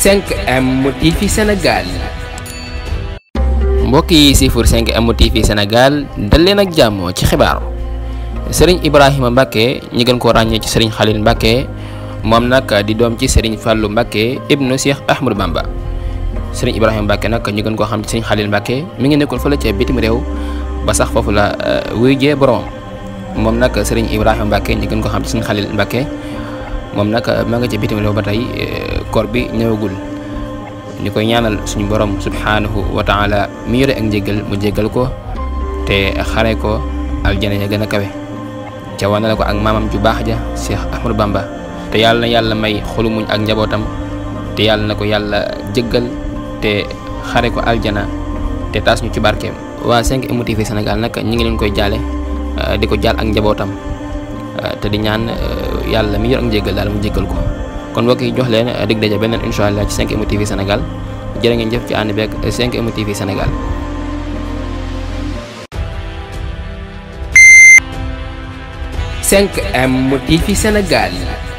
5M TV Sénégal mbokk yi siifur 5M TV Sénégal dal leen ak jàmm ci xibaar sëriñ Ibrahima Mbacke ñi gën koo ràññee ci sëriñ Khalil Mbacke moom nag di doom ci sëriñ Fallou Mbacke ibnu Cheikh Ahmadou Bamba sëriñ Ibrahima Mbacke nag ñu gën koo xam ci sëriñ Khalil Mbacke mi ngi nekkoon fële ca bitim réew ba sax foofu la euh, wuyjee boromam moom nag sëriñ Ibrahima Mbacke ñi gën koo xam ci sëriñ Khalil Mbacke. moom nag euh, ma nga ca bitim réew ba tey euh, koor bi ñëwagul ñu koy ñaanal suñu borom subhanahu wa taala mi yore ak njéggal mu jéggal ko te xare ko aljana ya gën a kawe ca wane ko ak maamam ju baax ja Cheikh Ahmadou Bamba te yàlla na yàlla may xolu muñ ak njabootam te yàlla na ko yàlla jéggal te xare ko aljana te taas ñu ci barkeem waa 5M senegal Sénégal nag ñi ngi leen koy jaale euh, di ko jaal ak njabootam te di ñaan yàlla mi yor ak njéggal daal mu jéggal ko kon mbokk yi jox leen eh, dig daje beneen incha allah ci 5M TV Sénégal jërë ngeen jëf ci ànd beeg 5M eh, TV Sénégal cinq M TV Sénégal